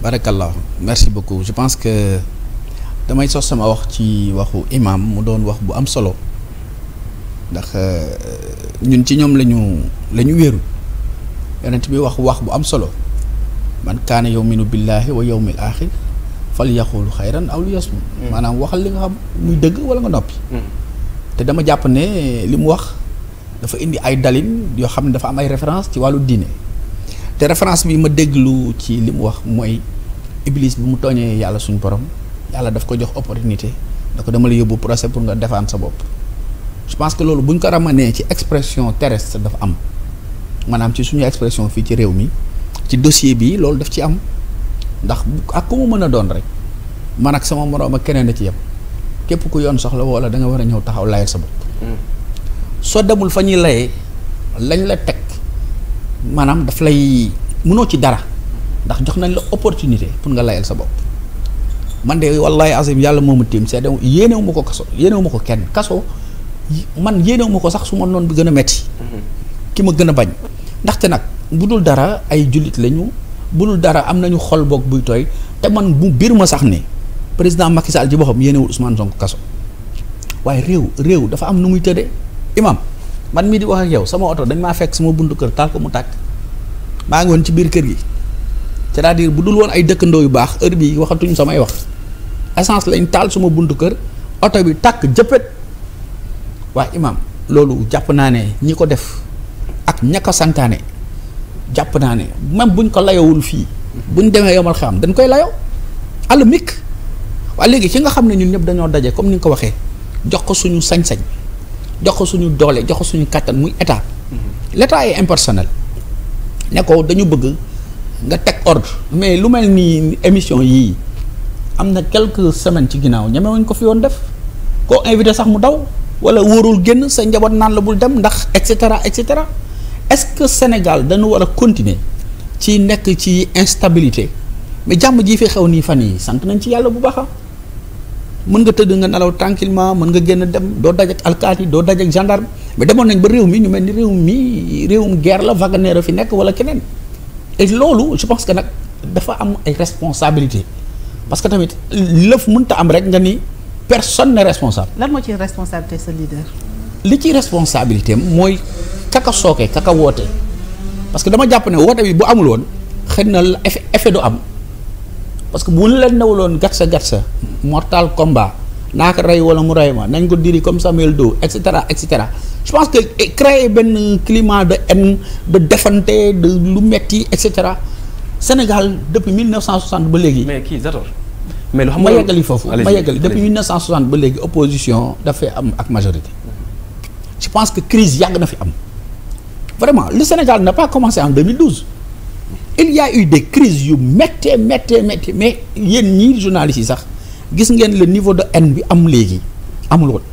barakallah merci beaucoup je pense que damay sos sama wax ci waxu imam mu doon wax bu am solo ndax euh, ñun ci ñoom lañu la ñu wéeru yonent bi wax wax bu am solo man kaana yuminu billahi wa yawmil axir fal yaqulu xayran aw li yasmut hmm. maanaam waxal li nga xam muy dëgg wala nga noppi hmm. te dama jàpp ne li mu wax dafa indi ay dalil yoo xam ne dafa am ay référence ci wàllu diine te référence bi ma déglu ci li mu wax mooy Iblis bi mu tooñee yàlla suñu borom yàlla daf ko jox opportunité da ko dama la yóbbu procès pour nga defaan sa bopp je pense que loolu bu ñu ko ramanee ci expression terrestre dafa am maanaam ci suñu expression fii ci réew mi ci dossier bi loolu daf ci am ndax ak ku mu mën a doon rek man ak sama moroom ak keneen a ci yem képp ku yoon soxla wala da nga war a ñëw taxaw layal sa bopp. Hmm. soo demul fa ñuy layee lañ la teg. maanaam daf lay mënoo ci dara ndax jox nañ la opportunité pour nga layal sa bopp man de wallahi azim yàlla moo ma tiim seede yéenewu ma ko kaso yéenewu ma ko kenn kaso man yéenewu ma ko sax su ma noon bi gën a metti mm-hmm. ki ma gën a bañ ndaxte nag bu dul dara ay jullit lañu bu dul dara am nañu xol boog buy tooy te man bu biir ma sax ni président Macky Sall ci boppam yéenewul Ousmane Sonko kaso waaye réew réew dafa am nu muy tëddee imam man mii di wax yow sama oto dañ maa fekk suma buntu kër taal ko mu tàkk maa ngi woon ci biir kër gi c'est-à-dire bu dul woon ay dëkkandoo yu baax heure bii waxatuñu samay wax essence lañ taal suma buntu kër oto bi tàkk jëppët waa imam loolu jàpp naa ne ñi ko def ak ña santaane jàpp naa ne même buñ ko layowul fii buñ demee yomal xam dañ koy layow àll mikk waa léegi ci nga xam ne ñun ñëpp dañoo daje comme ni nga ko waxee jox ko suñu sañ-sañ jox suñu doole jox suñu kàttan muy état mhm. l' état est impersonnel ne ko dañu bëgg nga teg ordre mais lu mel nii émission yii am na quelque semaines ci ginnaaw ñemewuñ ko fi yoon def koo invité sax mu daw wala wóorul génn sa njaboot naan la bul dem ndax et cetera et cetera est-ce que Sénégal dañu war a continuer ci nekk ci instabilité mais jàmm jii fi xew nii fan yi sant nañ ci yàlla bu baax mën nga tëdd nga nelaw tranquillement mën nga génn dem doo dajak alkaati doo dajak gendarme mais demoon nañ ba réew mi ñu mel ni réew mi réewum la Wagner a fi nekk wala keneen loolu je que nag dafa am ay responsabilité parce que tamit lëf mënta am rek nga ni personne n'est responsable. lan moo ciy responsabilité sa leader. li ci responsabilité mooy kaka sooke kaka woote parce que dama jàpp ne woote bi bu amul woon xëy na effet effet du am. parce que bu leen newuloon gatsa gatsa mortal combat naa ko rey wala mu rey ma nañ ko diri comme Samuel Doe et cetera et cetera je que eh, créer benn climat de haine defante de lu metti et cetera Sénégal depuis 1960 ba léegi. mais kii Zator mais lu xam nga ma yeggali foofu ma yeggali depuis 1960 ba léegi opposition dafay am ak majorité je pense que crise yàgg na fi am vraiment le Sénégal n'a pas commencé en il y a eu des crises yu méttee méttee méttee mais yéen ñii journalistes yi sax gis ngeen le niveau de haine bi am léegi amul woon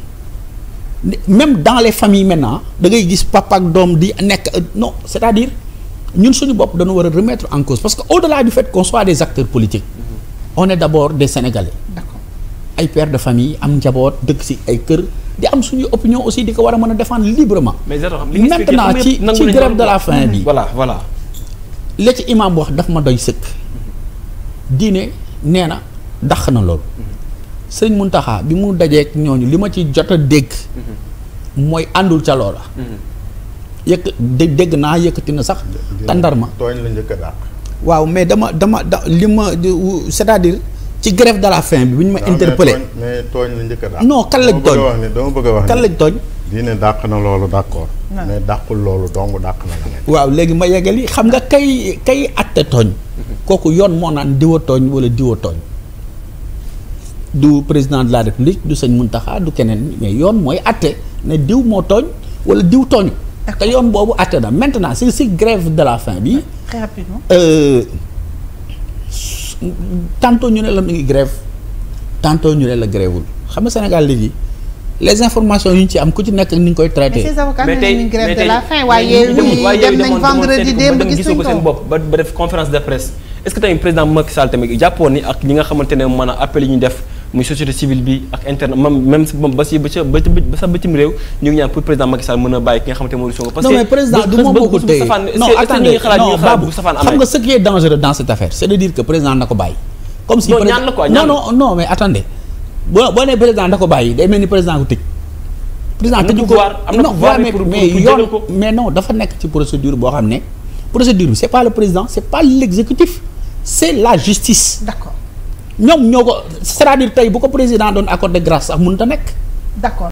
même dans les familles maintenant da ngay gis papa ak doom di nekk euh, non c'est-à-dire ñun suñu bopp dañu war a remettre en cause parce que au-delà du fait qu'on soit des acteurs politiques mm-hmm. on est d'abord des Sénégalais ay pères de famille am njaboot dëkk ci ay kër di am suñu opinion aussi di ko war a mën a défendre librement mais maintenant ci ci grève de bi voilà voilà la ci bu wax daf ma doy sëkk diine nee na dàq na loolu sëñ Muntaxa bi mu dajeek ñooñu li ma ci jot a dégg mooy àndul ca loola yëkk dégg naa yëkkati na sax tàndarma tooñ la njëkk a dàq waaw mais dama dama da li ma c'est-à-dire ci grève de la faim bi bu ñu ma interpellé mais tooñ la njëkk a dàq non kan lañ tooñ dama bëgg a wax kan lañ tooñ diine dàq na loolu d'accord mais dàqul loolu dong dàq na la waaw léegi ma yegali xam nga kay kay atte tooñ mhm. kooku yoon moo naan diwa tooñ wala diwa tooñ du président de la république du sëñ Muntaxa du keneen mais yoon mooy atte ne diw moo tooñ wala diw tooñu te yoon boobu atte na maintenant si si grève de la faim bi très rapidement euh, ñu ne la mi ngi grève tantôt ñu ne la grèvewul xam nga Sénégal léegi les informations yu ñu ci am ku ci nekk ni ñu koy traité. mais ces avocats mais tey grève de la faim waaye ñii dem nañ vendredi démb gis ko seen bopp ba def conférence de presse est-ce que tamit président Macky Sall tamit jàppoon ni ak ñi nga xamante ne maanaam appel yi ñu def muy société civile bi ak interne même même ba si ba sa ba sa bitim réew ñu ngi ñaan pour président Macky Sall mën a bàyyi ki nga xamante ne mooy Sonko. parce que non mais président du moom moo ko téye non attendez non Babou xam nga ce qui est dangereux dans cette affaire c'est de dire que président na ko bàyyi. comme si non ñaan la quoi non non non mais attendez boo boo nee président da ko bàyyi day mel ni président ko tëj. président tëju ko non mais mais yoon mais non dafa nekk ci procédure boo xam ne procédure bi c' est pas le président c' est pas l' exécutif c' la justice. d' accord ñoom ñoo ko cest à tey bu ko président doon accord de grâce sax mun a nekk. d' accord.